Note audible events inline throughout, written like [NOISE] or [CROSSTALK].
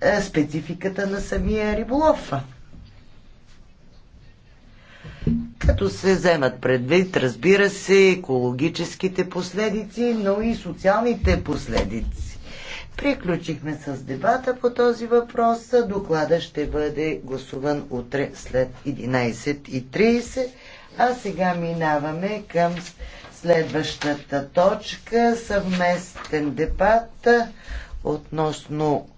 Е, спецификата на самия риболов. Като се вземат предвид, разбира се, екологическите последици, но и социалните последици. Приключихме с дебата по този въпрос. Доклада ще бъде гласуван утре след 11.30. А сега минаваме към следващата точка съвместен дебат относно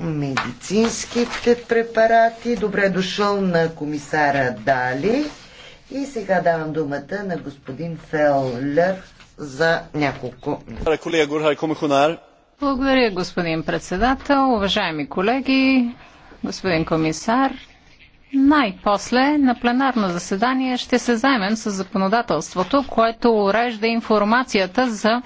медицинските препарати. Добре е дошъл на комисара Дали. И сега давам думата на господин Феллер за няколко минути. Благодаря, господин председател, уважаеми колеги, господин комисар, най-после на пленарно заседание ще се займем с законодателството, което урежда информацията за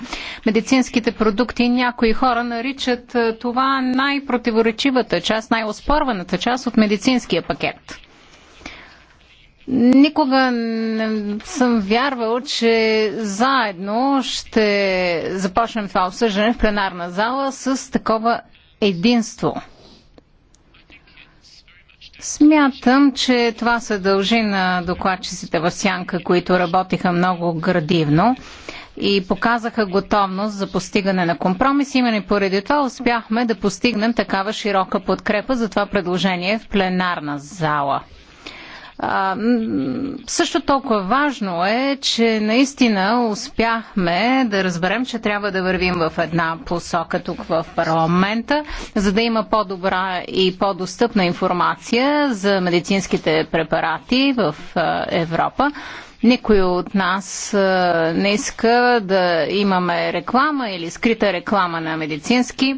медицинските продукти. Някои хора наричат е, това най-противоречивата част, най-оспорваната част от медицинския пакет. Никога не съм вярвал, че заедно ще започнем това обсъждане в пленарна зала с такова единство. Смятам, че това се дължи на докладчиците в Сянка, които работиха много градивно и показаха готовност за постигане на компромис. Именно и поради това успяхме да постигнем такава широка подкрепа за това предложение в пленарна зала. А, също толкова важно е, че наистина успяхме да разберем, че трябва да вървим в една посока тук в парламента, за да има по-добра и по-достъпна информация за медицинските препарати в Европа. Никой от нас не иска да имаме реклама или скрита реклама на медицински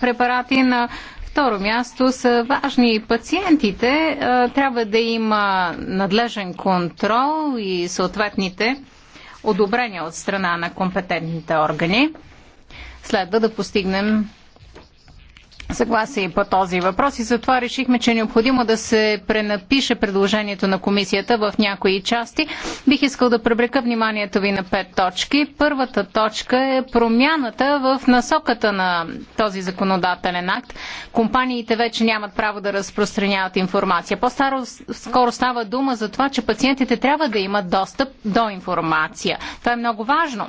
препарати на второ място са важни пациентите. Е, трябва да има надлежен контрол и съответните одобрения от страна на компетентните органи. Следва да постигнем съгласие по този въпрос и затова решихме, че е необходимо да се пренапише предложението на комисията в някои части. Бих искал да привлека вниманието ви на пет точки. Първата точка е промяната в насоката на този законодателен акт. Компаниите вече нямат право да разпространяват информация. По-старо скоро става дума за това, че пациентите трябва да имат достъп до информация. Това е много важно.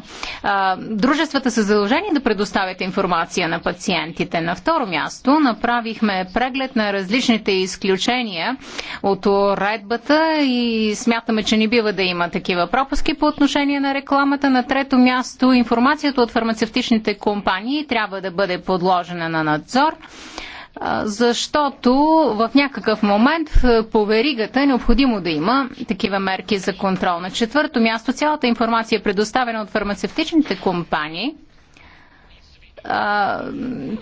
Дружествата са задължени да предоставят информация на пациентите. На второ място място направихме преглед на различните изключения от редбата, и смятаме, че не бива да има такива пропуски по отношение на рекламата. На трето място информацията от фармацевтичните компании трябва да бъде подложена на надзор защото в някакъв момент по веригата е необходимо да има такива мерки за контрол. На четвърто място цялата информация, предоставена от фармацевтичните компании, а,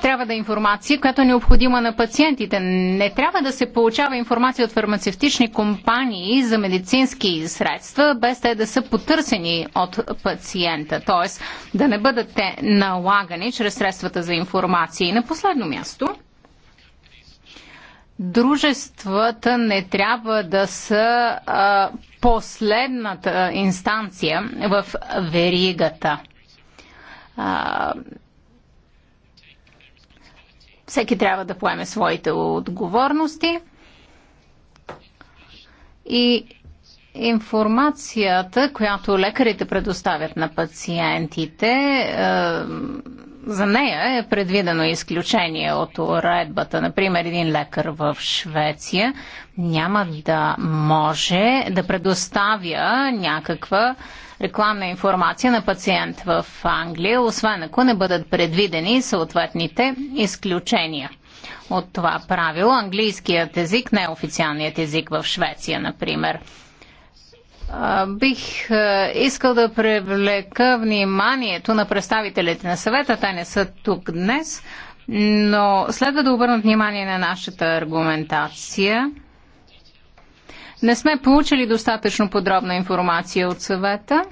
трябва да е информация, която е необходима на пациентите. Не трябва да се получава информация от фармацевтични компании за медицински средства, без те да са потърсени от пациента, т.е. да не бъдат те налагани чрез средствата за информация. И на последно място, дружествата не трябва да са а, последната инстанция в веригата. Всеки трябва да поеме своите отговорности. И информацията, която лекарите предоставят на пациентите, е, за нея е предвидено изключение от уредбата. Например, един лекар в Швеция няма да може да предоставя някаква рекламна информация на пациент в Англия, освен ако не бъдат предвидени съответните изключения от това правило. Английският език не е официалният език в Швеция, например. Бих искал да привлека вниманието на представителите на съвета, те не са тук днес, но следва да обърнат внимание на нашата аргументация. Не сме получили достатъчно подробна информация от съвета.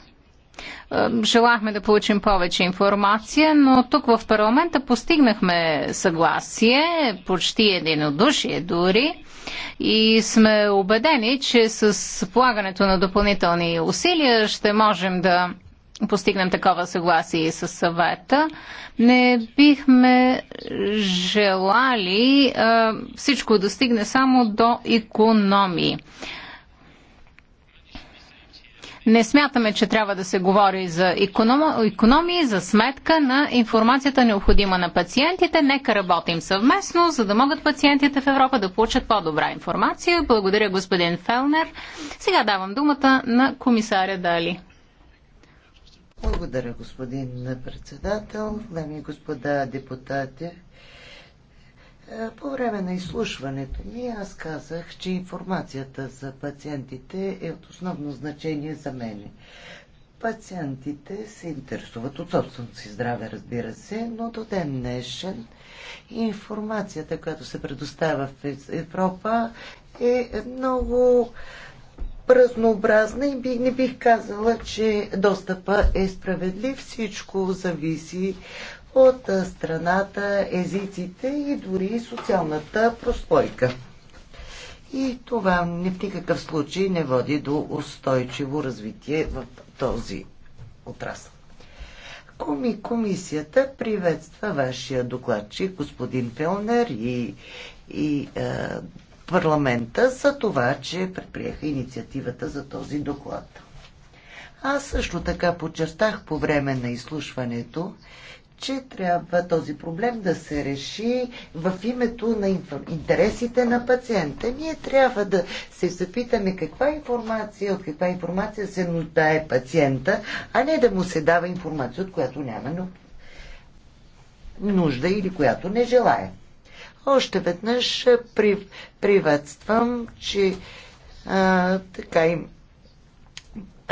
Е, желахме да получим повече информация, но тук в парламента постигнахме съгласие, почти единодушие дори и сме убедени, че с полагането на допълнителни усилия ще можем да постигнем такова съгласие и с съвета. Не бихме желали а, е, всичко да стигне само до економии. Не смятаме, че трябва да се говори за економ... економии за сметка на информацията необходима на пациентите. Нека работим съвместно, за да могат пациентите в Европа да получат по-добра информация. Благодаря, господин Фелнер. Сега давам думата на комисаря Дали. Благодаря, господин председател, дами и господа депутати. По време на изслушването ми аз казах, че информацията за пациентите е от основно значение за мен. Пациентите се интересуват от собственото си здраве, разбира се, но до ден днешен информацията, която се предоставя в Европа е много разнообразна и би, не бих казала, че достъпа е справедлив. Всичко зависи от страната, езиците и дори социалната прослойка. И това ни в никакъв случай не води до устойчиво развитие в този отрасъл. Коми, комисията приветства вашия докладчик, господин Пелнер и, и е, парламента за това, че предприеха инициативата за този доклад. Аз също така подчертах по време на изслушването, че трябва този проблем да се реши в името на интересите на пациента. Ние трябва да се запитаме каква информация, от каква информация се нуждае пациента, а не да му се дава информация, от която няма нужда или която не желая. Още веднъж приветствам, че а, така им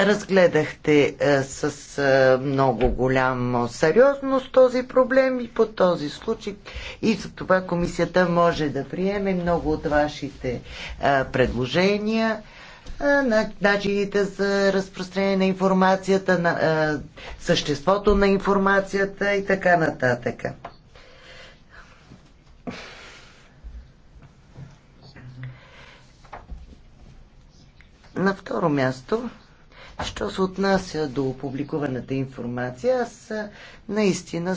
разгледахте а, е, с а, е, много голямо сериозност този проблем и по този случай и за това комисията може да приеме много от вашите а, е, предложения на начините за разпространение на информацията, на а, съществото на информацията и така нататък. На второ място Що се отнася до публикуваната информация, аз наистина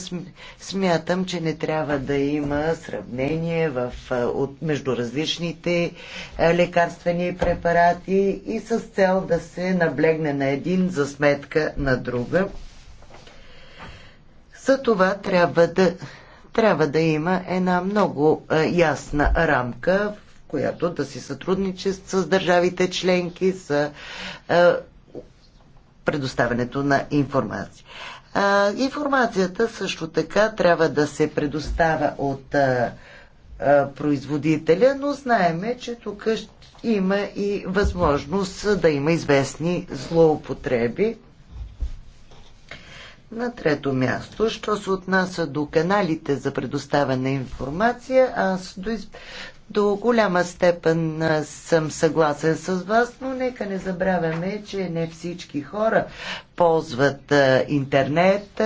смятам, че не трябва да има сравнение в, от, между различните лекарствени препарати и с цел да се наблегне на един за сметка на друга. За това трябва да, трябва да има една много ясна рамка, в която да си сътрудничи с държавите членки, с предоставянето на информация. А, информацията също така трябва да се предоставя от а, а, производителя, но знаеме, че тук има и възможност да има известни злоупотреби. На трето място, що се отнася до каналите за предоставяне на информация, аз до голяма степен съм съгласен с вас, но нека не забравяме, че не всички хора ползват интернет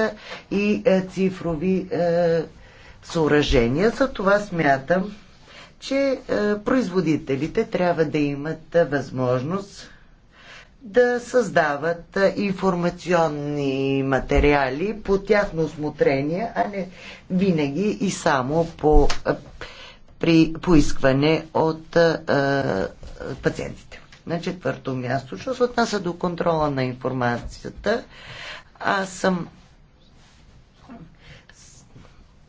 и цифрови съоръжения. За това смятам, че производителите трябва да имат възможност да създават информационни материали по тяхно осмотрение, а не винаги и само по при поискване от а, пациентите. На четвърто място, що се отнася до контрола на информацията, аз съм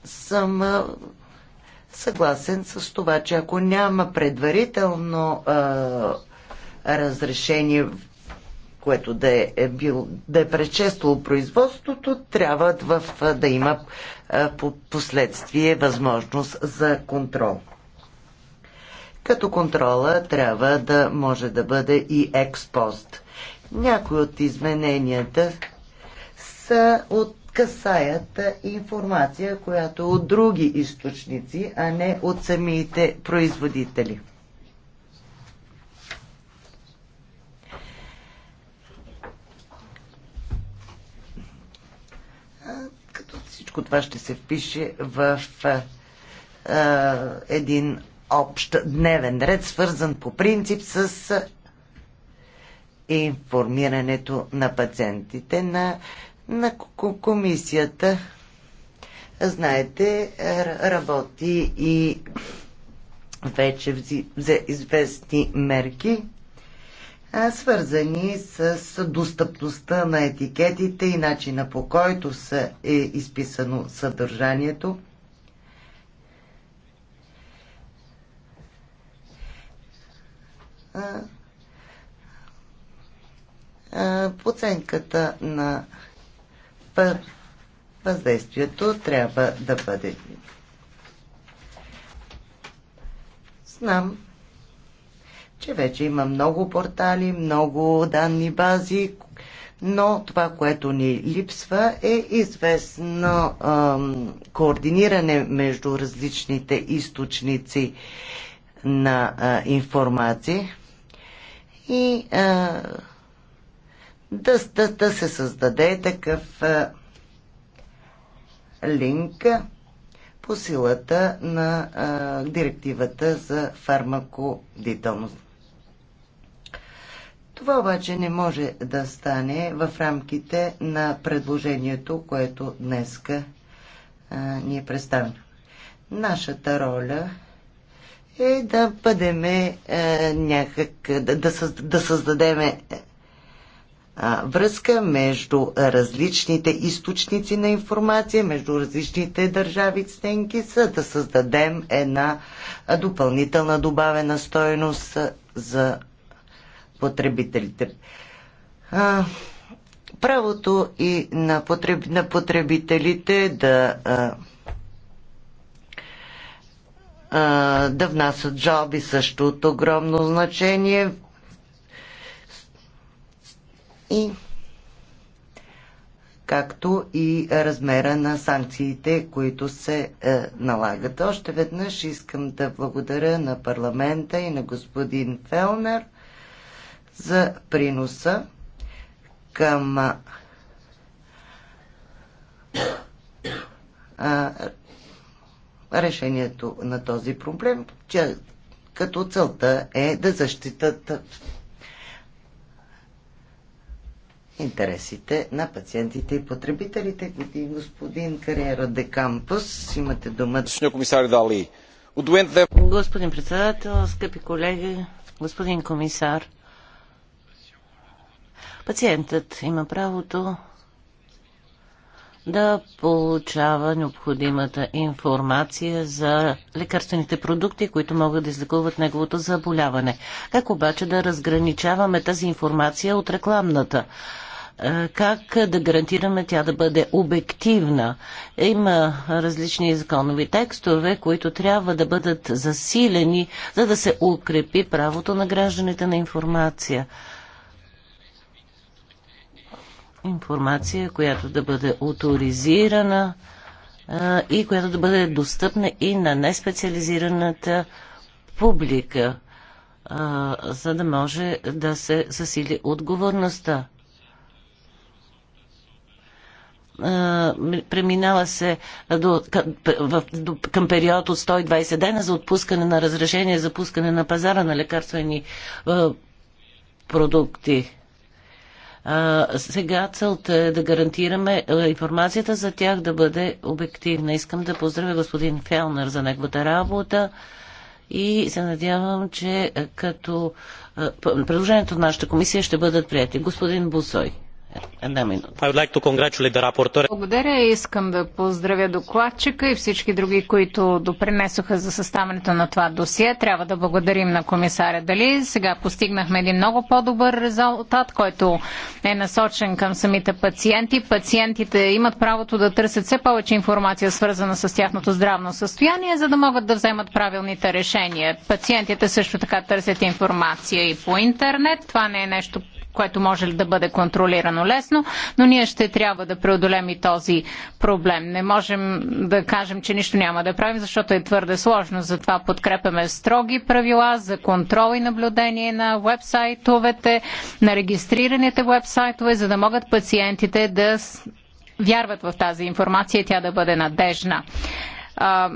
съм съгласен с това, че ако няма предварително а, разрешение, което да е, е бил, да е предшествало производството, трябва в, да има по последствие възможност за контрол. Като контрола трябва да може да бъде и експост. Някои от измененията са от касаят информация, която от други източници, а не от самите производители. всичко това ще се впише в а, един общ дневен ред, свързан по принцип с информирането на пациентите на, на комисията. Знаете, работи и вече взе известни мерки свързани с достъпността на етикетите и начина по който са, е изписано съдържанието. Оценката на въздействието трябва да бъде. Знам, че вече има много портали, много данни бази, но това, което ни липсва е известно ам, координиране между различните източници на а, информация и а, да, да, да се създаде такъв а, линк по силата на а, директивата за фармакодителност. Това обаче не може да стане в рамките на предложението, което днеска а, ни е представено. Нашата роля е да бъдеме някак, да, да, създадеме а, връзка между различните източници на информация, между различните държави стенки, за да създадем една допълнителна добавена стоеност за потребителите. А, правото и на, потреб, на потребителите да а, а, да внасят жалби също от огромно значение и както и размера на санкциите, които се е, налагат. Още веднъж искам да благодаря на парламента и на господин Фелнер – за приноса към а, решението на този проблем, че като целта е да защитат интересите на пациентите и потребителите. Господин Кариера де Кампус, имате думата. Господин председател, скъпи колеги, господин комисар, Пациентът има правото да получава необходимата информация за лекарствените продукти, които могат да излекуват неговото заболяване. Как обаче да разграничаваме тази информация от рекламната? Е, как да гарантираме тя да бъде обективна? Има различни законови текстове, които трябва да бъдат засилени, за да се укрепи правото на гражданите на информация информация, която да бъде авторизирана и която да бъде достъпна и на неспециализираната публика, за да може да се засили отговорността. Преминава се до, към, до, към период от 120 дена за отпускане на разрешение за пускане на пазара на лекарствени продукти. А, сега целта е да гарантираме информацията за тях да бъде обективна. Искам да поздравя господин Фелнер за неговата работа и се надявам, че като предложението на нашата комисия ще бъдат прияти. Господин Бусой. Благодаря и Благодаря. Искам да поздравя докладчика и всички други, които допринесоха за съставането на това досие. Трябва да благодарим на комисаря Дали. Сега постигнахме един много по-добър резултат, който е насочен към самите пациенти. Пациентите имат правото да търсят все повече информация, свързана с тяхното здравно състояние, за да могат да вземат правилните решения. Пациентите също така търсят информация и по интернет. Това не е нещо което може да бъде контролирано лесно, но ние ще трябва да преодолем и този проблем. Не можем да кажем, че нищо няма да правим, защото е твърде сложно. Затова подкрепяме строги правила за контрол и наблюдение на вебсайтовете, на регистрираните вебсайтове, за да могат пациентите да вярват в тази информация и тя да бъде надежна а,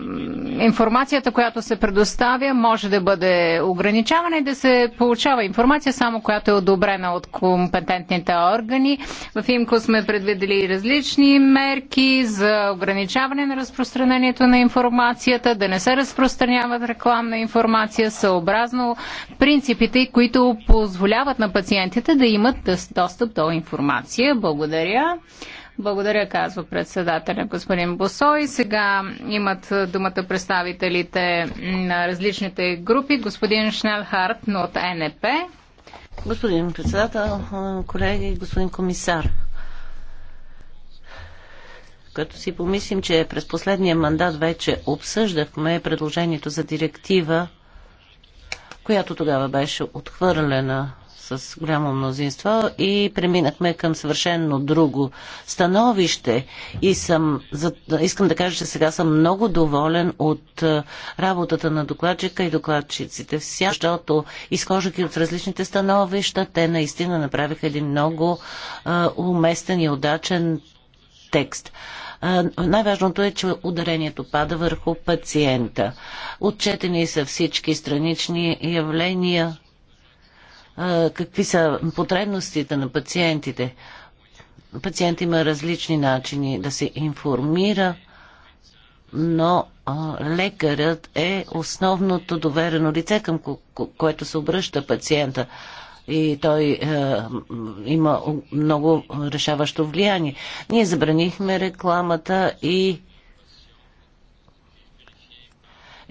информацията, която се предоставя, може да бъде ограничавана и да се получава информация само която е одобрена от компетентните органи. В ИМКО сме предвидели различни мерки за ограничаване на разпространението на информацията, да не се разпространяват рекламна информация съобразно принципите, които позволяват на пациентите да имат достъп до информация. Благодаря. Благодаря, казва председателя господин Босой. Сега имат думата представителите на различните групи. Господин Шнелхарт от НП. Господин председател, колеги, господин комисар. Като си помислим, че през последния мандат вече обсъждахме предложението за директива, която тогава беше отхвърлена с голямо мнозинство и преминахме към съвършенно друго становище. И съм, за, искам да кажа, че сега съм много доволен от работата на докладчика и докладчиците вся, защото изхождайки от различните становища, те наистина направиха един много а, уместен и удачен текст. Най-важното е, че ударението пада върху пациента. Отчетени са всички странични явления, какви са потребностите на пациентите. Пациент има различни начини да се информира, но лекарът е основното доверено лице, към което се обръща пациента и той е, има много решаващо влияние. Ние забранихме рекламата и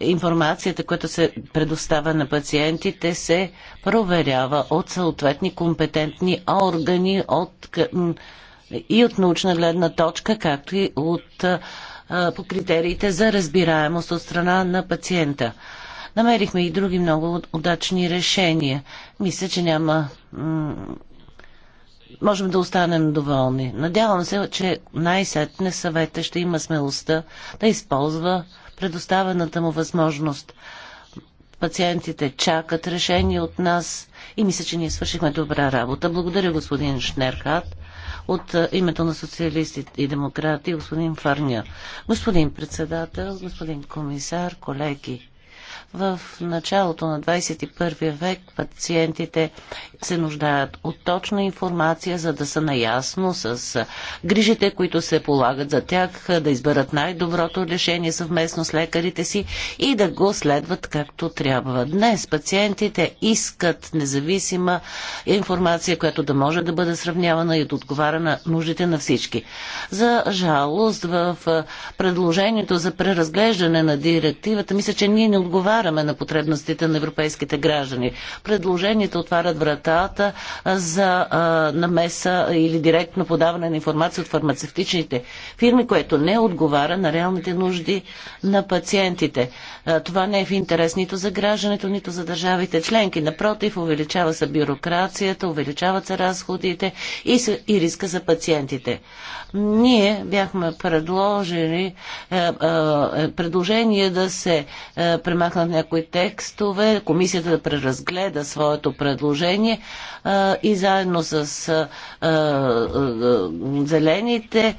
информацията, която се предоставя на пациентите, се проверява от съответни компетентни органи от, и от научна гледна точка, както и от по критериите за разбираемост от страна на пациента. Намерихме и други много удачни решения. Мисля, че няма. Можем да останем доволни. Надявам се, че най-сетне съвета ще има смелостта да използва предоставената му възможност. Пациентите чакат решение от нас и мисля, че ние свършихме добра работа. Благодаря господин Шнерхат от е, името на социалистите и демократи, господин Фарня. Господин председател, господин комисар, колеги. В началото на 21 век пациентите се нуждаят от точна информация, за да са наясно с грижите, които се полагат за тях, да изберат най-доброто решение съвместно с лекарите си и да го следват както трябва. Днес пациентите искат независима информация, която да може да бъде сравнявана и да отговаря на нуждите на всички. За жалост в предложението за преразглеждане на директивата, мисля, че ние не отговаряме отговаряме на потребностите на европейските граждани. Предложенията отварят вратата за намеса или директно подаване на информация от фармацевтичните фирми, което не отговаря на реалните нужди на пациентите. Това не е в интерес нито за гражданите, нито за държавите членки. Напротив, увеличава се бюрокрацията, увеличават се разходите и, се, и риска за пациентите. Ние бяхме предложили е, е, предложение да се е, премахнат някои текстове, комисията да преразгледа своето предложение а, и заедно с а, а, зелените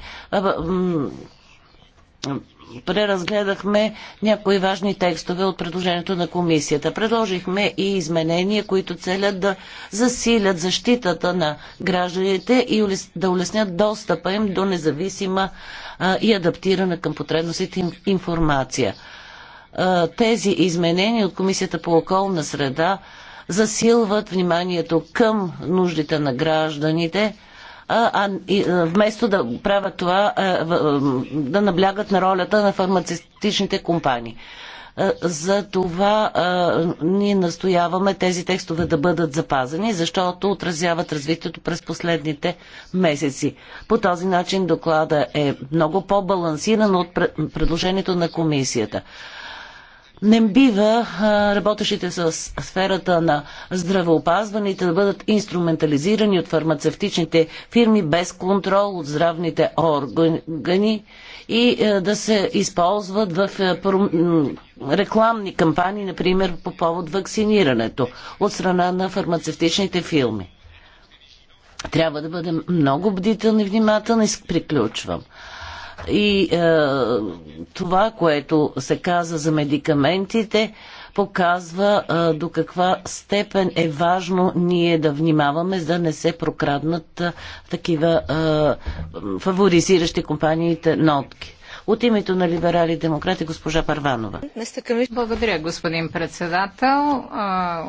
преразгледахме някои важни текстове от предложението на комисията. Предложихме и изменения, които целят да засилят защитата на гражданите и да улеснят достъпа им до независима а, и адаптирана към потребностите им информация тези изменения от Комисията по околна среда засилват вниманието към нуждите на гражданите, а, а вместо да правят това, да наблягат на ролята на фармацевтичните компании. За това а, ние настояваме тези текстове да бъдат запазени, защото отразяват развитието през последните месеци. По този начин доклада е много по-балансиран от предложението на комисията. Не бива работещите с сферата на здравеопазването да бъдат инструментализирани от фармацевтичните фирми без контрол от здравните органи и да се използват в рекламни кампании, например по повод вакцинирането от страна на фармацевтичните фирми. Трябва да бъдем много бдителни, внимателни, приключвам. И е, това, което се каза за медикаментите, показва е, до каква степен е важно ние да внимаваме, за да не се прокраднат е, такива е, фаворизиращи компаниите нотки. От името на либерали и демократи госпожа Парванова. Благодаря, господин председател.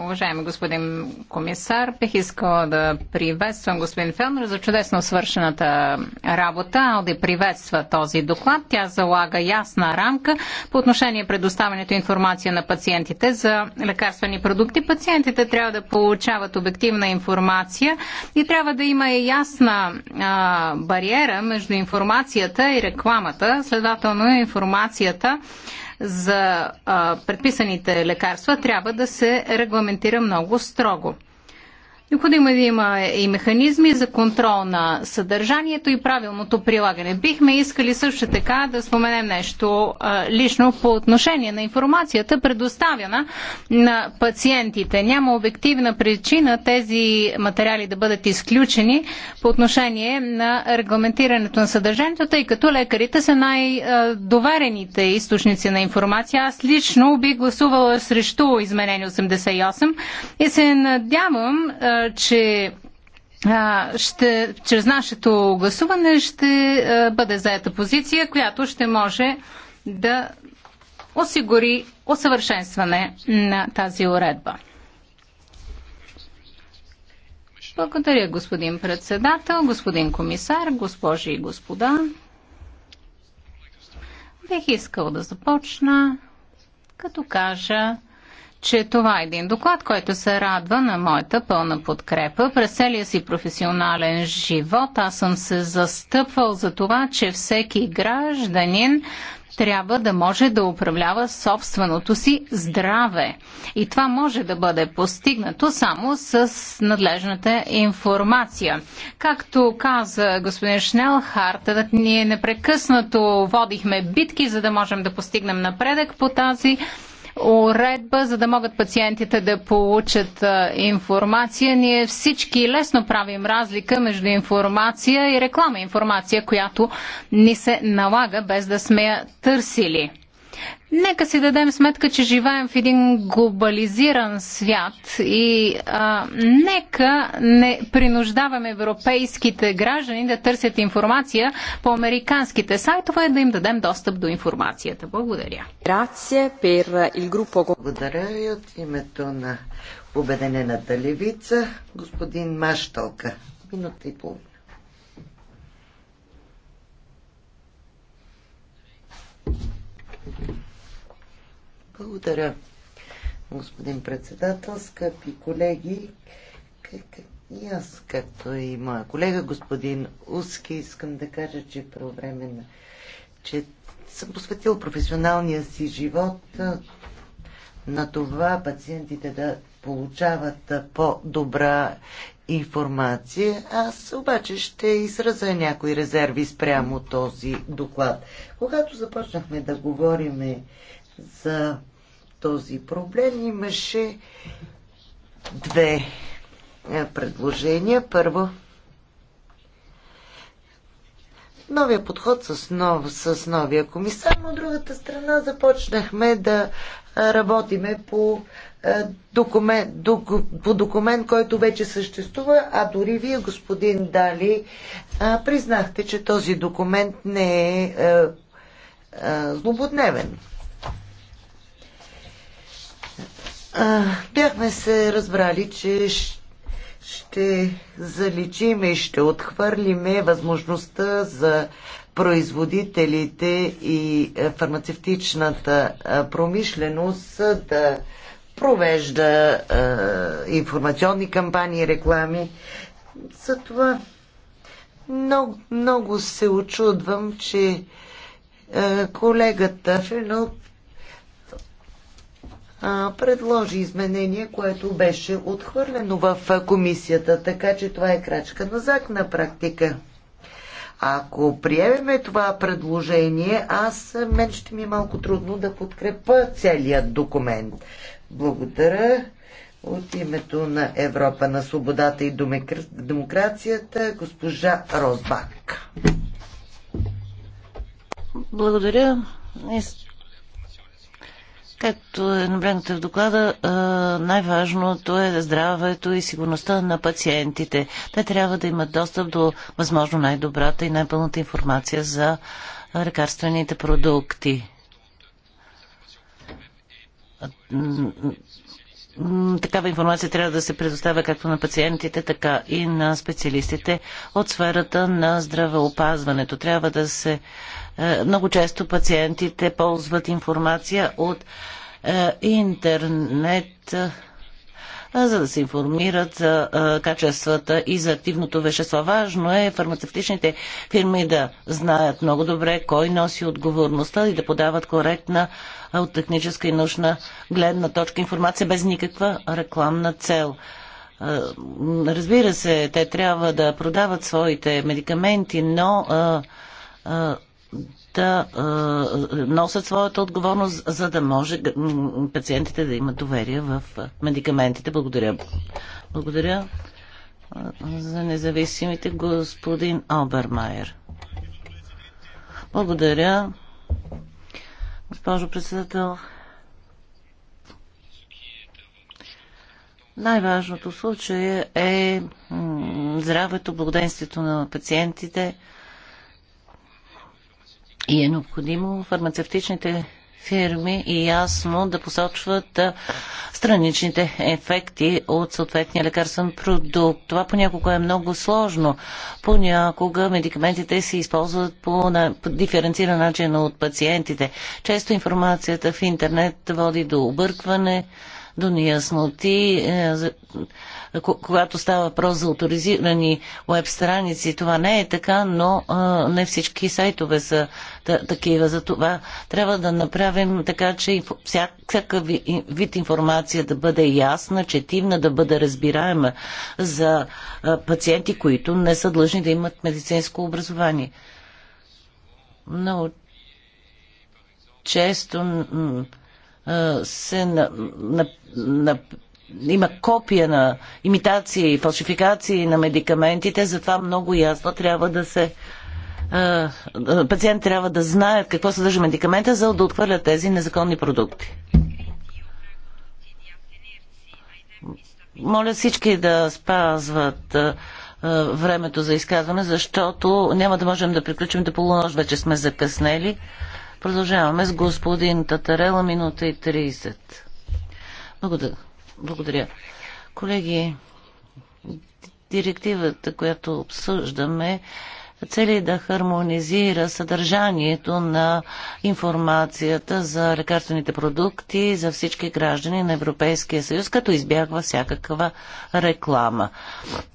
Уважаеми господин комисар, бих искала да приветствам господин Фелнер за чудесно свършената работа. Алди приветства този доклад. Тя залага ясна рамка по отношение предоставянето информация на пациентите за лекарствени продукти. Пациентите трябва да получават обективна информация и трябва да има и ясна а, бариера между информацията и рекламата. След последователно информацията за предписаните лекарства трябва да се регламентира много строго. Необходимо е да има и механизми за контрол на съдържанието и правилното прилагане. Бихме искали също така да споменем нещо лично по отношение на информацията, предоставяна на пациентите. Няма обективна причина тези материали да бъдат изключени по отношение на регламентирането на съдържанието, тъй като лекарите са най-доверените източници на информация. Аз лично би гласувала срещу изменение 88 и се надявам че ще, чрез нашето гласуване ще бъде заета позиция, която ще може да осигури усъвършенстване на тази уредба. Благодаря, господин председател, господин комисар, госпожи и господа. Бих искал да започна, като кажа, че това е един доклад, който се радва на моята пълна подкрепа. През целия си професионален живот аз съм се застъпвал за това, че всеки гражданин трябва да може да управлява собственото си здраве. И това може да бъде постигнато само с надлежната информация. Както каза господин Шнелхарт, ние непрекъснато водихме битки, за да можем да постигнем напредък по тази уредба, за да могат пациентите да получат информация. Ние всички лесно правим разлика между информация и реклама. Информация, която ни се налага без да сме я търсили. Нека си дадем сметка, че живеем в един глобализиран свят и а, нека не принуждаваме европейските граждани да търсят информация по американските сайтове, да им дадем достъп до информацията. Благодаря. Благодаря и от името на Обединената левица, господин Машталка. Минута и половина. Благодаря, господин председател, скъпи колеги. И аз, както и моя колега, господин Уски, искам да кажа, че по време на... че съм посветил професионалния си живот на това пациентите да получават по-добра информация. Аз обаче ще изразя някои резерви спрямо този доклад. Когато започнахме да говорим за този проблем, имаше две е, предложения. Първо, новия подход с, нов, с новия комисар, но от другата страна започнахме да работиме по е, документ, по документ, който вече съществува, а дори вие, господин Дали, е, признахте, че този документ не е, е злободневен. Бяхме се разбрали, че ще заличиме и ще отхвърлиме възможността за производителите и е, фармацевтичната е, промишленост да провежда е, информационни кампании, реклами. Затова много, много се очудвам, че колегата Фенот предложи изменение, което беше отхвърлено в комисията, така че това е крачка назад на практика. Ако приемеме това предложение, аз мен ще ми е малко трудно да подкрепа целият документ. Благодаря. От името на Европа на свободата и демокрацията, госпожа Розбак. Благодаря. Както е наблегнато в доклада, най-важното е здравето и сигурността на пациентите. Те трябва да имат достъп до възможно най-добрата и най-пълната информация за лекарствените продукти такава информация трябва да се предоставя както на пациентите, така и на специалистите от сферата на здравеопазването. Трябва да се. Е, много често пациентите ползват информация от е, интернет за да се информират за качествата и за активното вещество. Важно е фармацевтичните фирми да знаят много добре кой носи отговорността и да подават коректна от техническа и научна гледна точка информация без никаква рекламна цел. Разбира се, те трябва да продават своите медикаменти, но да а, носят своята отговорност, за да може пациентите да имат доверие в медикаментите. Благодаря. Благодаря за независимите господин Обермайер. Благодаря. Госпожо председател, най-важното случай е здравето, благоденствието на пациентите – и е необходимо фармацевтичните фирми и ясно да посочват страничните ефекти от съответния лекарствен продукт. Това понякога е много сложно. Понякога медикаментите се използват по, на, по диференциран начин от пациентите. Често информацията в интернет води до объркване, до неясноти. Е, когато става въпрос за авторизирани веб страници. Това не е така, но а, не всички сайтове са такива. За това трябва да направим така, че всякакъв вид информация да бъде ясна, четивна, да бъде разбираема за пациенти, които не са длъжни да имат медицинско образование. Много често се на, на, на, има копия на имитации и фалшификации на медикаментите, затова много ясно трябва да се пациент трябва да знаят какво съдържа медикамента, за да отхвърлят тези незаконни продукти. Моля всички да спазват времето за изказване, защото няма да можем да приключим до полунощ, вече сме закъснели. Продължаваме с господин Татарела, минута и 30. Благодаря. Благодаря. Колеги, директивата, която обсъждаме, цели да хармонизира съдържанието на информацията за лекарствените продукти за всички граждани на Европейския съюз, като избягва всякаква реклама.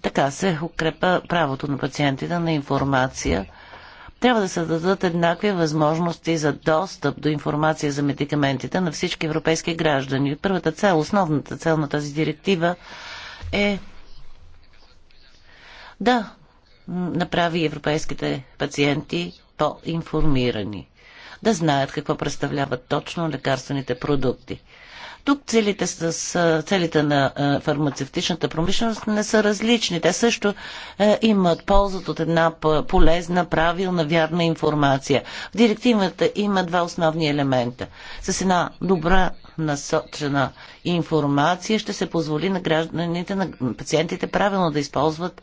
Така се укрепа правото на пациентите на информация трябва да се дадат еднакви възможности за достъп до информация за медикаментите на всички европейски граждани. Първата цел, основната цел на тази директива е да направи европейските пациенти по-информирани, да знаят какво представляват точно лекарствените продукти. Тук целите, с, целите на фармацевтичната промишленост не са различни. Те също е, имат ползват от една полезна, правилна, вярна информация. В директивата има два основни елемента. С една добра насочена информация ще се позволи на гражданите, на пациентите правилно да използват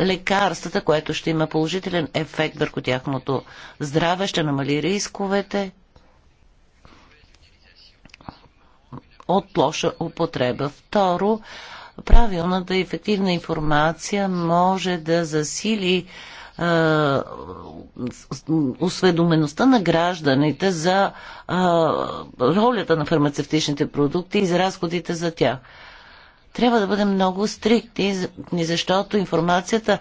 лекарствата, което ще има положителен ефект върху тяхното здраве, ще намали рисковете от лоша употреба. Второ, правилната и ефективна информация може да засили е, осведомеността на гражданите за а, е, ролята на фармацевтичните продукти и за разходите за тях. Трябва да бъдем много стриктни, защото информацията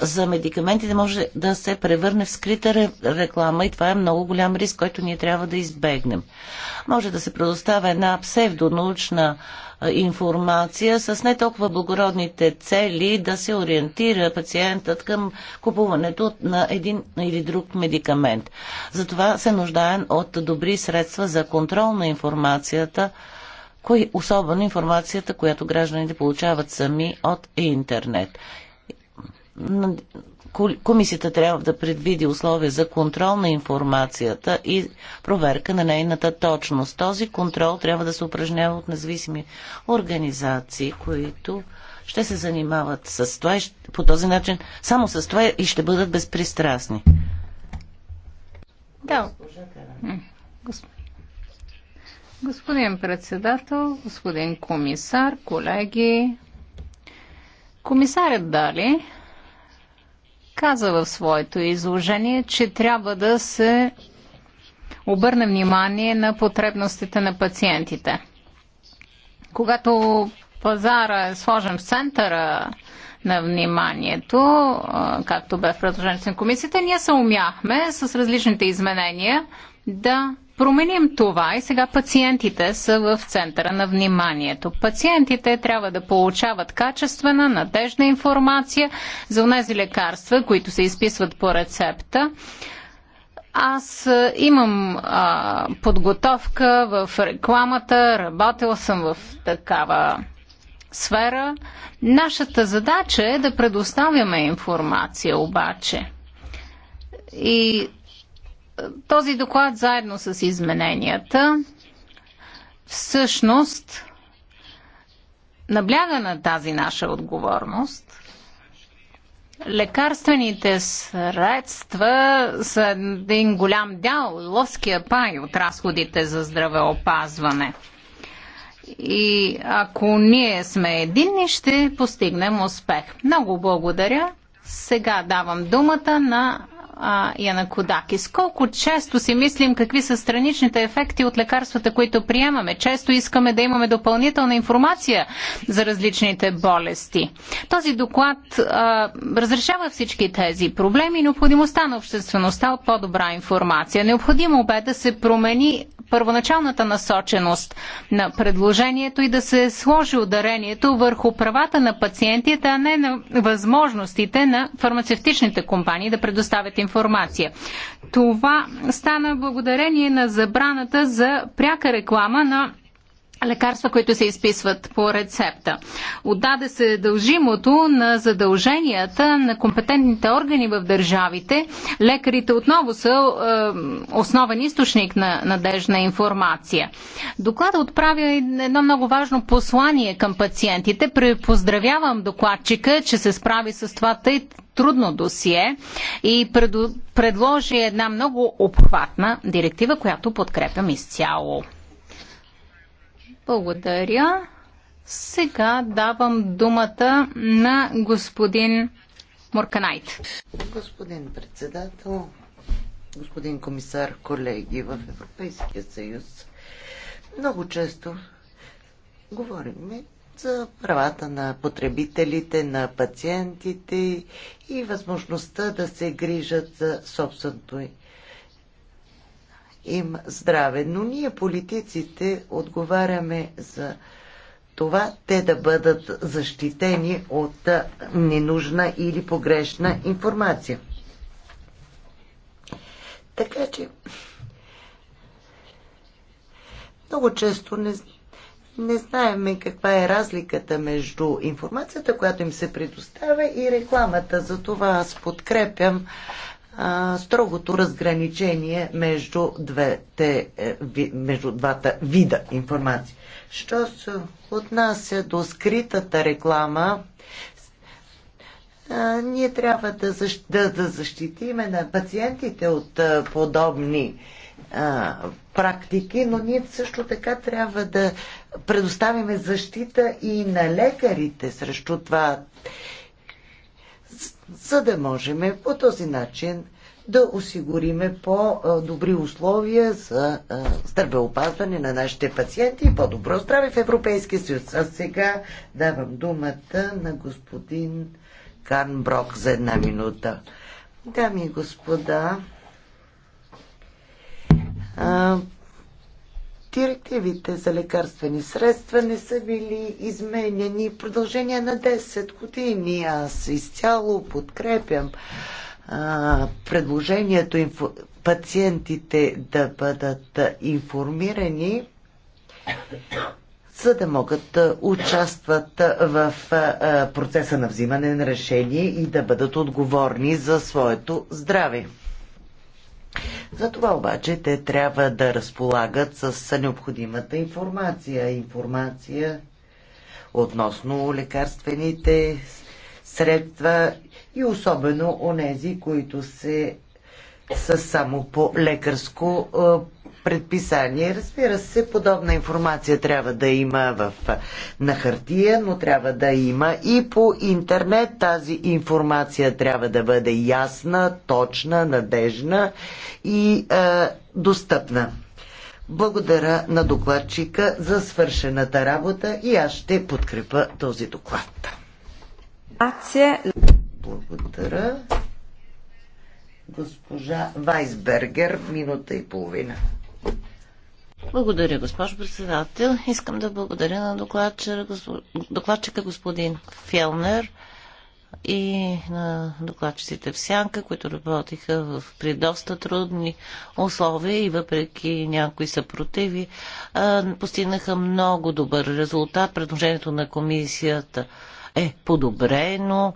за медикаментите може да се превърне в скрита реклама и това е много голям риск, който ние трябва да избегнем. Може да се предоставя една псевдонаучна информация с не толкова благородните цели да се ориентира пациентът към купуването на един или друг медикамент. Затова се нуждаем от добри средства за контрол на информацията, кои, особено информацията, която гражданите получават сами от интернет комисията трябва да предвиди условия за контрол на информацията и проверка на нейната точност. Този контрол трябва да се упражнява от независими организации, които ще се занимават с това и по този начин само с това и ще бъдат безпристрастни. Да. Господин председател, господин комисар, колеги, комисарят Дали каза в своето изложение, че трябва да се обърне внимание на потребностите на пациентите. Когато пазара е сложен в центъра на вниманието, както бе в предложението на комисията, ние се умяхме с различните изменения да променим това и сега пациентите са в центъра на вниманието. Пациентите трябва да получават качествена, надежна информация за тези лекарства, които се изписват по рецепта. Аз имам а, подготовка в рекламата, работил съм в такава сфера. Нашата задача е да предоставяме информация обаче. И този доклад заедно с измененията всъщност набляга на тази наша отговорност. Лекарствените средства са един голям дял, лъвския пай от разходите за здравеопазване. И ако ние сме единни, ще постигнем успех. Много благодаря. Сега давам думата на а, Янакодакис. Колко често си мислим какви са страничните ефекти от лекарствата, които приемаме. Често искаме да имаме допълнителна информация за различните болести. Този доклад а, разрешава всички тези проблеми и необходимостта на обществеността от по-добра информация. Необходимо бе да се промени първоначалната насоченост на предложението и да се сложи ударението върху правата на пациентите, а не на възможностите на фармацевтичните компании да предоставят информация. Това стана благодарение на забраната за пряка реклама на лекарства, които се изписват по рецепта. Отдаде се дължимото на задълженията на компетентните органи в държавите. Лекарите отново са е, основен източник на надежна информация. Доклада отправя едно много важно послание към пациентите. Поздравявам докладчика, че се справи с това тъй трудно досие и предложи една много обхватна директива, която подкрепям изцяло. Благодаря. Сега давам думата на господин Морканайт. Господин председател, господин комисар, колеги в Европейския съюз, много често говорим за правата на потребителите, на пациентите и възможността да се грижат за собственото им здраве. Но ние, политиците, отговаряме за това те да бъдат защитени от ненужна или погрешна информация. Така че много често не, не знаем каква е разликата между информацията, която им се предоставя и рекламата. Затова аз подкрепям строгото разграничение между, двете, е, между двата вида информация. Що се отнася до скритата реклама, ние трябва да, защ, да, да защитиме на пациентите от подобни а, практики, но ние също така трябва да предоставим защита и на лекарите срещу това за да можем по този начин да осигуриме по-добри условия за здравеопазване на нашите пациенти и по-добро здраве в Европейския съюз. А сега давам думата на господин Кан Брок за една минута. Дами и господа, Директивите за лекарствени средства не са били изменени в продължение на 10 години. Аз изцяло подкрепям а, предложението инфо... пациентите да бъдат информирани, за да могат да участват в а, процеса на взимане на решение и да бъдат отговорни за своето здраве. За това обаче те трябва да разполагат с необходимата информация. Информация относно лекарствените средства и особено онези, които се са само по лекарско предписание. Разбира се, подобна информация трябва да има в, на хартия, но трябва да има и по интернет. Тази информация трябва да бъде ясна, точна, надежна и е, достъпна. Благодаря на докладчика за свършената работа и аз ще подкрепа този доклад. Благодаря. Госпожа Вайсбергер, минута и половина. Благодаря, госпожо председател. Искам да благодаря на докладчика, господин Фелнер и на докладчиците в Сянка, които работиха в, при доста трудни условия и въпреки някои съпротиви, постигнаха много добър резултат. Предложението на комисията е подобрено,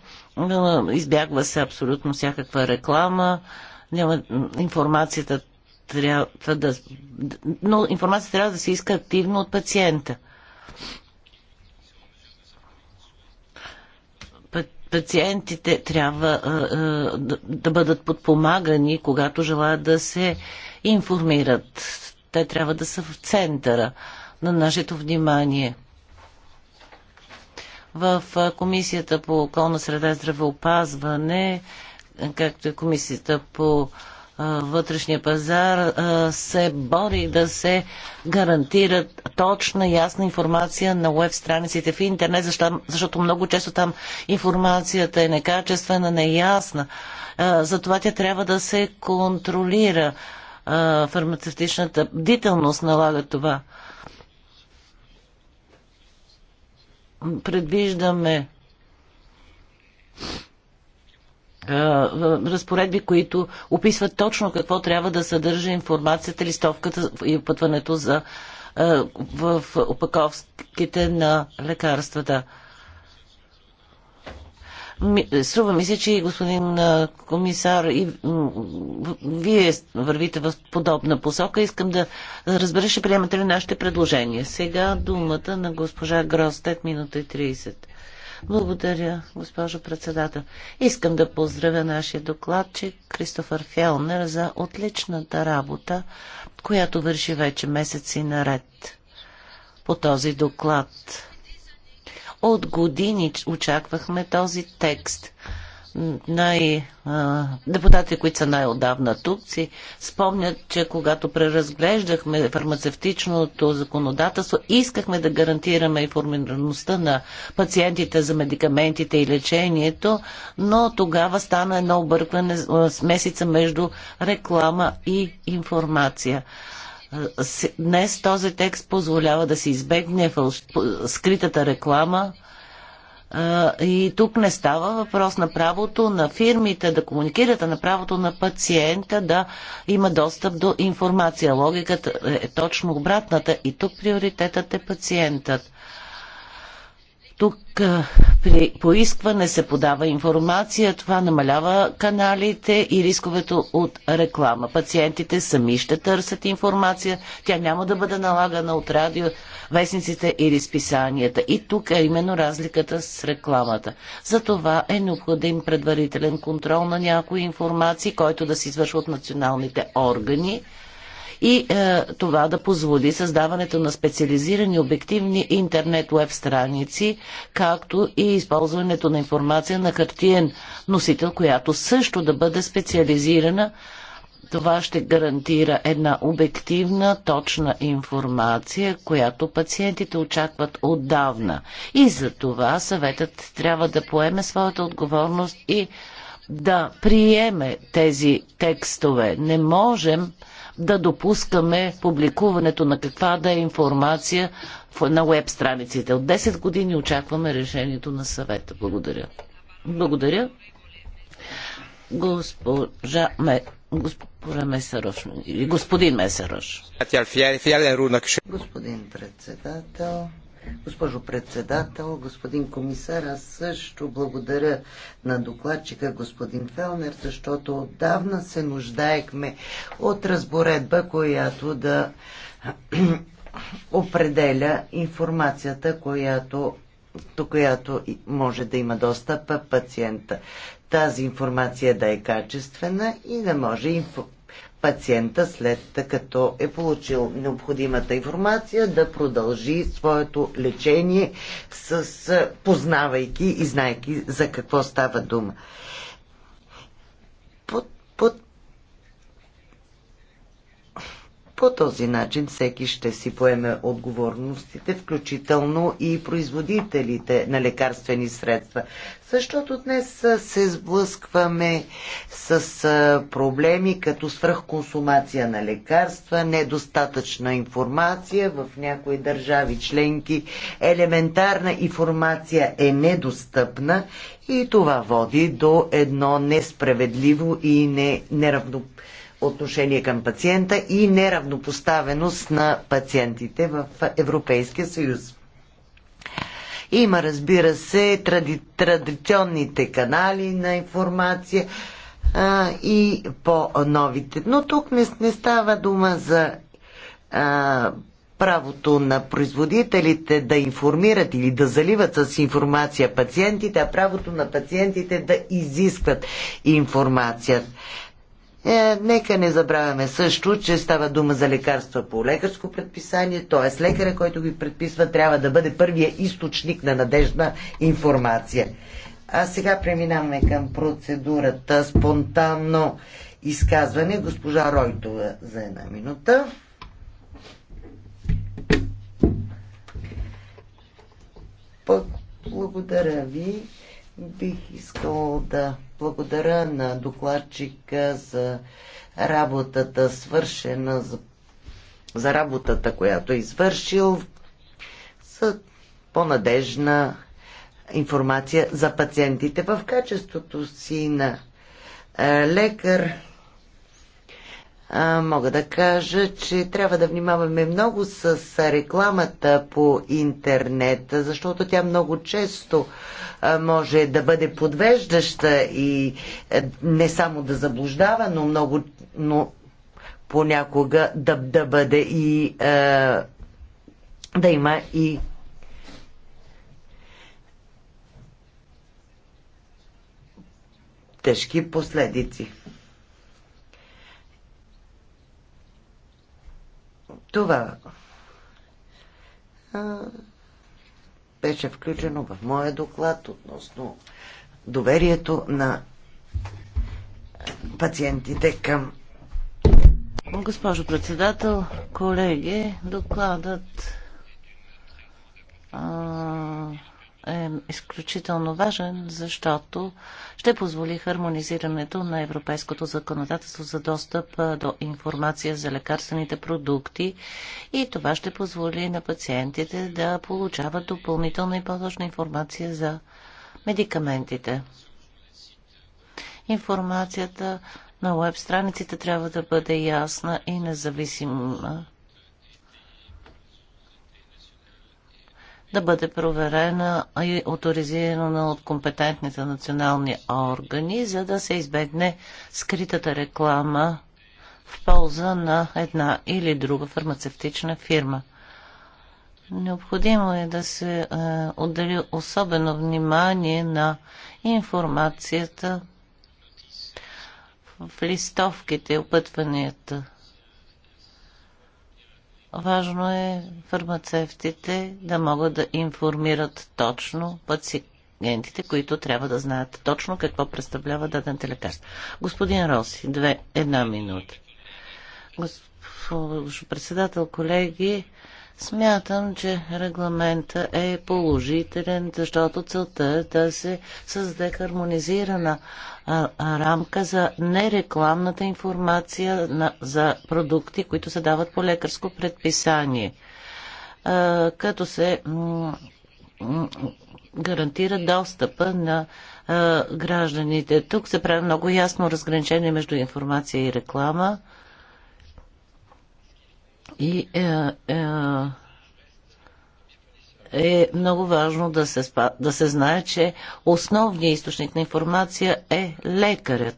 избягва се абсолютно всякаква реклама, няма, информацията трябва да. Но информация трябва да се иска активно от пациента. Пациентите трябва да бъдат подпомагани, когато желаят да се информират. Те трябва да са в центъра на нашето внимание. В Комисията по околна среда и здравеопазване, както и Комисията по вътрешния пазар се бори да се гарантира точна, ясна информация на веб страниците в интернет, защото, защото много често там информацията е некачествена, неясна. Затова тя трябва да се контролира. Фармацевтичната бдителност налага това. Предвиждаме разпоредби, които описват точно какво трябва да съдържа информацията, листовката и опътването за, в опаковките на лекарствата. Струва ми се, че и господин комисар, и вие вървите в подобна посока. Искам да разбереш, приемате ли нашите предложения. Сега думата на госпожа Гростет, минута и 30. Благодаря, госпожо председател. Искам да поздравя нашия докладчик Кристофър Фелнер за отличната работа, която върши вече месеци наред по този доклад. От години очаквахме този текст – най, а, депутатите, които са най-отдавна тук, си спомнят, че когато преразглеждахме фармацевтичното законодателство, искахме да гарантираме информираността на пациентите за медикаментите и лечението, но тогава стана едно объркване с месеца между реклама и информация. Днес този текст позволява да се избегне скритата реклама, и тук не става въпрос на правото на фирмите да комуникират, а на правото на пациента да има достъп до информация. Логиката е точно обратната и тук приоритетът е пациентът. Тук при поискване се подава информация, това намалява каналите и рисковете от реклама. Пациентите сами ще търсят информация, тя няма да бъде налагана от радио, вестниците или списанията. И тук е именно разликата с рекламата. За това е необходим предварителен контрол на някои информации, който да се извършва от националните органи и е, това да позволи създаването на специализирани обективни интернет веб страници, както и използването на информация на хартиен носител, която също да бъде специализирана. Това ще гарантира една обективна, точна информация, която пациентите очакват отдавна. И за това съветът трябва да поеме своята отговорност и да приеме тези текстове. Не можем да допускаме публикуването на каква да е информация на веб страниците. От 10 години очакваме решението на съвета. Благодаря. Благодаря. Госпожа, Ме... госпожа Месарош. Господин Месарош. Господин председател, Госпожо председател, господин комисар, аз също благодаря на докладчика господин Фелнер, защото отдавна се нуждаехме от разборедба, която да [CLEARS THROAT] определя информацията, която, до която може да има достъп пациента. Тази информация да е качествена и да може инфо, пациента, след като е получил необходимата информация, да продължи своето лечение, с, познавайки и знайки за какво става дума. Под, под, по този начин всеки ще си поеме отговорностите, включително и производителите на лекарствени средства. Защото днес се сблъскваме с проблеми като свръхконсумация на лекарства, недостатъчна информация в някои държави членки, елементарна информация е недостъпна и това води до едно несправедливо и не, отношение към пациента и неравнопоставеност на пациентите в Европейския съюз. Има, разбира се, тради, традиционните канали на информация а, и по-новите. Но тук не, не става дума за а, правото на производителите да информират или да заливат с информация пациентите, а правото на пациентите да изискват информация. Е, нека не забравяме също, че става дума за лекарства по лекарско предписание, т.е. лекаря, който ги предписва, трябва да бъде първия източник на надежна информация. А сега преминаваме към процедурата спонтанно изказване. Госпожа Ройтова за една минута. Благодаря ви. Бих искал да благодаря на докладчика за работата свършена, за, за работата, която е извършил, за по-надежна информация за пациентите в качеството си на е, лекар мога да кажа, че трябва да внимаваме много с рекламата по интернет, защото тя много често може да бъде подвеждаща и е, не само да заблуждава, но много, но понякога да, да бъде и е, да има и тежки последици. Това а, беше включено в моя доклад относно доверието на пациентите към. Госпожо председател, колеги, докладът а е изключително важен, защото ще позволи хармонизирането на европейското законодателство за достъп до информация за лекарствените продукти и това ще позволи на пациентите да получават допълнителна и по-точна информация за медикаментите. Информацията на веб страниците трябва да бъде ясна и независима да бъде проверена и авторизирана от компетентните национални органи, за да се избегне скритата реклама в полза на една или друга фармацевтична фирма. Необходимо е да се е, отдели особено внимание на информацията в листовките, опътванията Важно е фармацевтите да могат да информират точно пациентите, които трябва да знаят точно какво представлява дадените лекарство. Господин Роси, две, една минута. Госпожо председател, колеги, Смятам, че регламента е положителен, защото целта е да се създаде хармонизирана рамка за нерекламната информация на, за продукти, които се дават по лекарско предписание, а, като се гарантира достъпа на а, гражданите. Тук се прави много ясно разграничение между информация и реклама. И е, е, е много важно да се, спа, да се знае, че основният източник на информация е лекарят.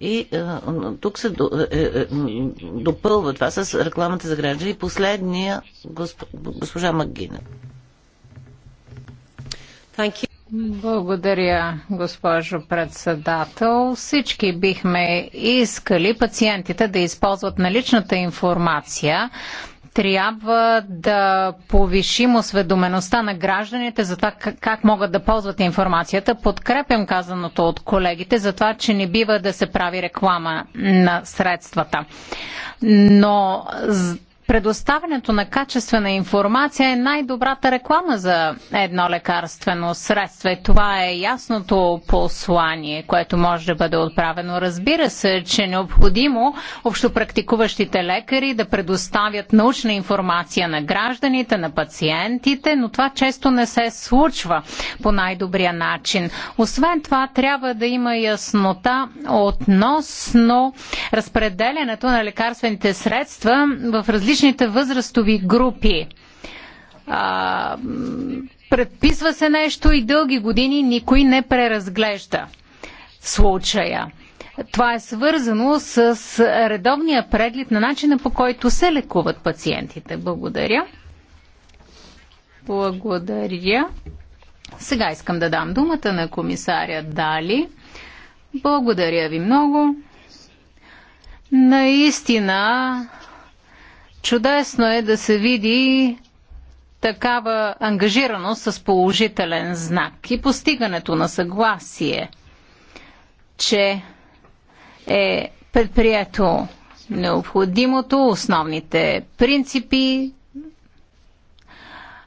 и а, е, тук се до, е, е, допълва това с рекламата за граждани. И последния, госп, госпожа Магина. Thank you. Благодаря, госпожо председател. Всички бихме искали пациентите да използват наличната информация. Трябва да повишим осведомеността на гражданите за това как могат да ползват информацията. Подкрепям казаното от колегите за това, че не бива да се прави реклама на средствата. Но предоставянето на качествена информация е най-добрата реклама за едно лекарствено средство. И това е ясното послание, което може да бъде отправено. Разбира се, че е необходимо общопрактикуващите лекари да предоставят научна информация на гражданите, на пациентите, но това често не се случва по най-добрия начин. Освен това, трябва да има яснота относно разпределянето на лекарствените средства в различни различните възрастови групи. А, предписва се нещо и дълги години никой не преразглежда случая. Това е свързано с редовния преглед на начина по който се лекуват пациентите. Благодаря. Благодаря. Сега искам да дам думата на комисаря Дали. Благодаря ви много. Наистина Чудесно е да се види такава ангажираност с положителен знак и постигането на съгласие, че е предприето необходимото, основните принципи,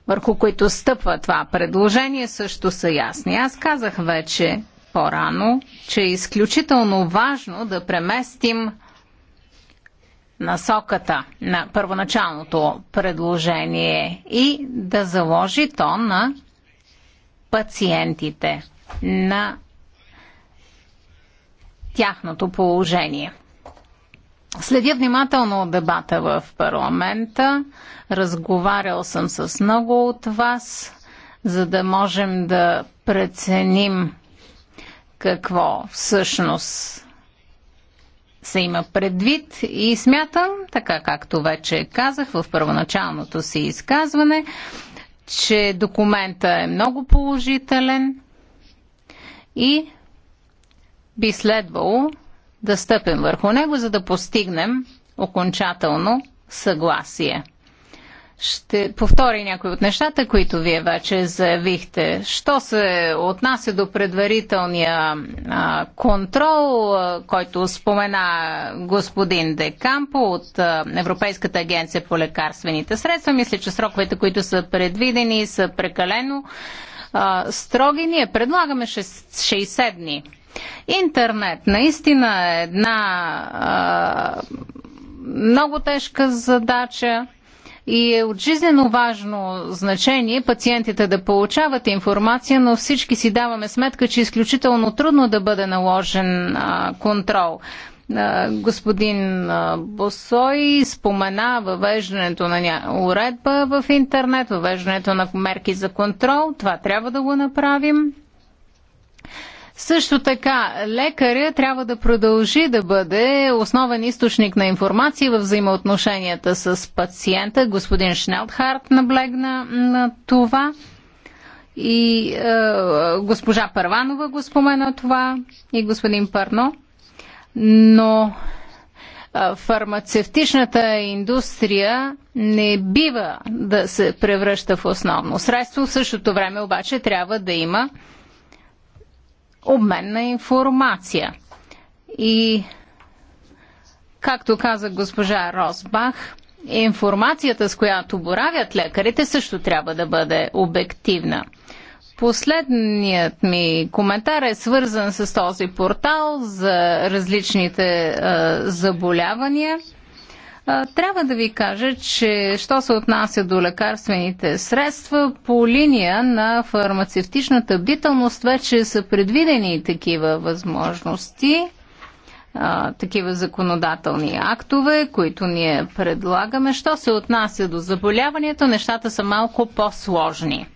върху които стъпва това предложение, също са ясни. Аз казах вече по-рано, че е изключително важно да преместим насоката на първоначалното предложение и да заложи то на пациентите, на тяхното положение. Следя внимателно дебата в парламента. Разговарял съм с много от вас, за да можем да преценим какво всъщност се има предвид и смятам, така както вече казах в първоначалното си изказване, че документа е много положителен и би следвало да стъпим върху него, за да постигнем окончателно съгласие ще повторя някои от нещата, които вие вече заявихте. Що се отнася до предварителния а, контрол, а, който спомена господин Декампо от а, Европейската агенция по лекарствените средства, мисля, че сроковете, които са предвидени, са прекалено а, строги. Ние предлагаме 60 дни. Интернет наистина е една а, много тежка задача и е от жизнено важно значение пациентите да получават информация, но всички си даваме сметка, че е изключително трудно да бъде наложен а, контрол. А, господин а, Босой спомена въвеждането на ня... уредба в интернет, въвеждането на мерки за контрол. Това трябва да го направим. Също така, лекаря трябва да продължи да бъде основен източник на информация в взаимоотношенията с пациента. Господин Шнелдхарт наблегна на това. И е, госпожа Първанова го спомена това. И господин Пърно. Но е, фармацевтичната индустрия не бива да се превръща в основно средство. В същото време обаче трябва да има обмен на информация. И, както каза госпожа Росбах, информацията, с която боравят лекарите, също трябва да бъде обективна. Последният ми коментар е свързан с този портал за различните е, заболявания. Трябва да ви кажа, че що се отнася до лекарствените средства, по линия на фармацевтичната бдителност вече са предвидени такива възможности, такива законодателни актове, които ние предлагаме. Що се отнася до заболяването, нещата са малко по-сложни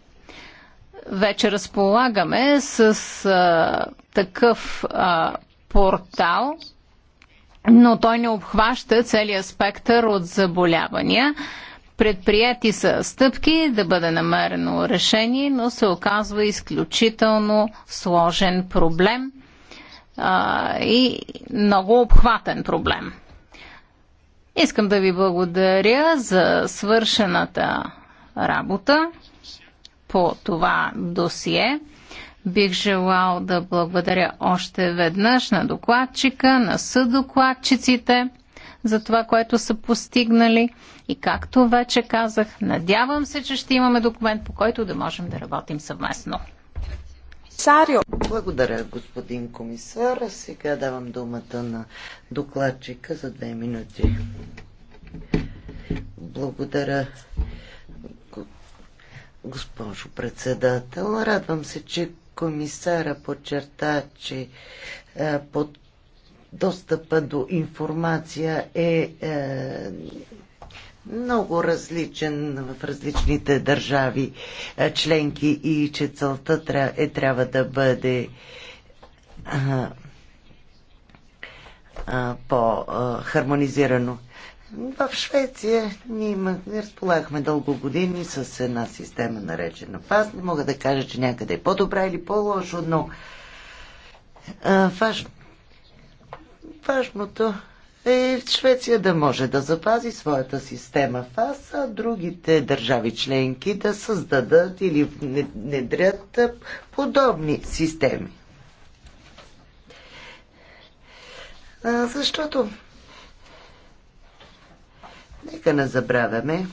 вече разполагаме с а, такъв а, портал, но той не обхваща целият спектър от заболявания. Предприяти са стъпки да бъде намерено решение, но се оказва изключително сложен проблем а, и много обхватен проблем. Искам да ви благодаря за свършената работа по това досие. Бих желал да благодаря още веднъж на докладчика, на съдокладчиците за това, което са постигнали. И както вече казах, надявам се, че ще имаме документ, по който да можем да работим съвместно. Сарио. Благодаря, господин комисар. Сега давам думата на докладчика за две минути. Благодаря, госпожо председател. Радвам се, че комисара подчерта, че е, под достъпа до информация е, е много различен в различните държави е, членки и че целта е, трябва да бъде е, е по-хармонизирано. Е, в Швеция ние не разполагахме дълго години с една система наречена ФАС. Не мога да кажа, че някъде е по-добра или по-лошо, но а, важ... важното е Швеция да може да запази своята система ФАС, а другите държави членки да създадат или внедрят подобни системи. А, защото Нека не забравяме,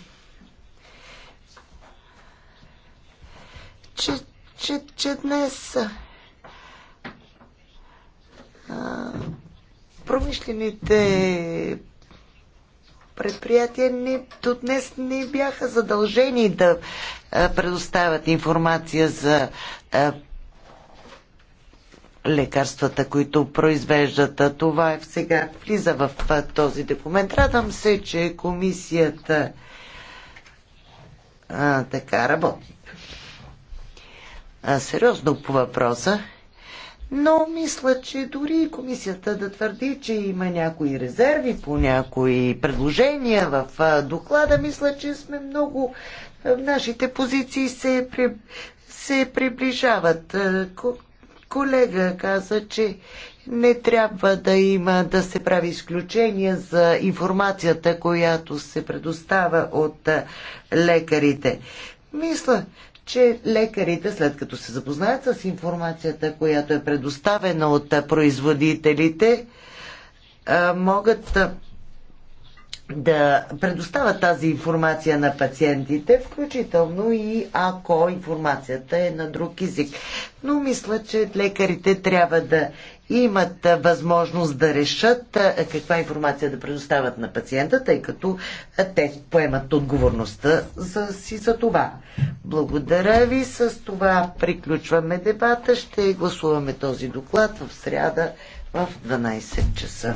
че, че, че днес а, промишлените предприятия ни, до днес не бяха задължени да предоставят информация за лекарствата, които произвеждат. А това е сега влиза в този документ. Радвам се, че комисията а, така работи. А, сериозно по въпроса. Но мисля, че дори комисията да твърди, че има някои резерви по някои предложения в доклада, мисля, че сме много. Нашите позиции се, при... се приближават колега каза, че не трябва да има да се прави изключение за информацията, която се предостава от лекарите. Мисля, че лекарите, след като се запознаят с информацията, която е предоставена от производителите, могат да предоставят тази информация на пациентите, включително и ако информацията е на друг език. Но мисля, че лекарите трябва да имат възможност да решат каква информация да предоставят на пациента, тъй като те поемат отговорността за, си за това. Благодаря ви. С това приключваме дебата. Ще гласуваме този доклад в сряда в 12 часа.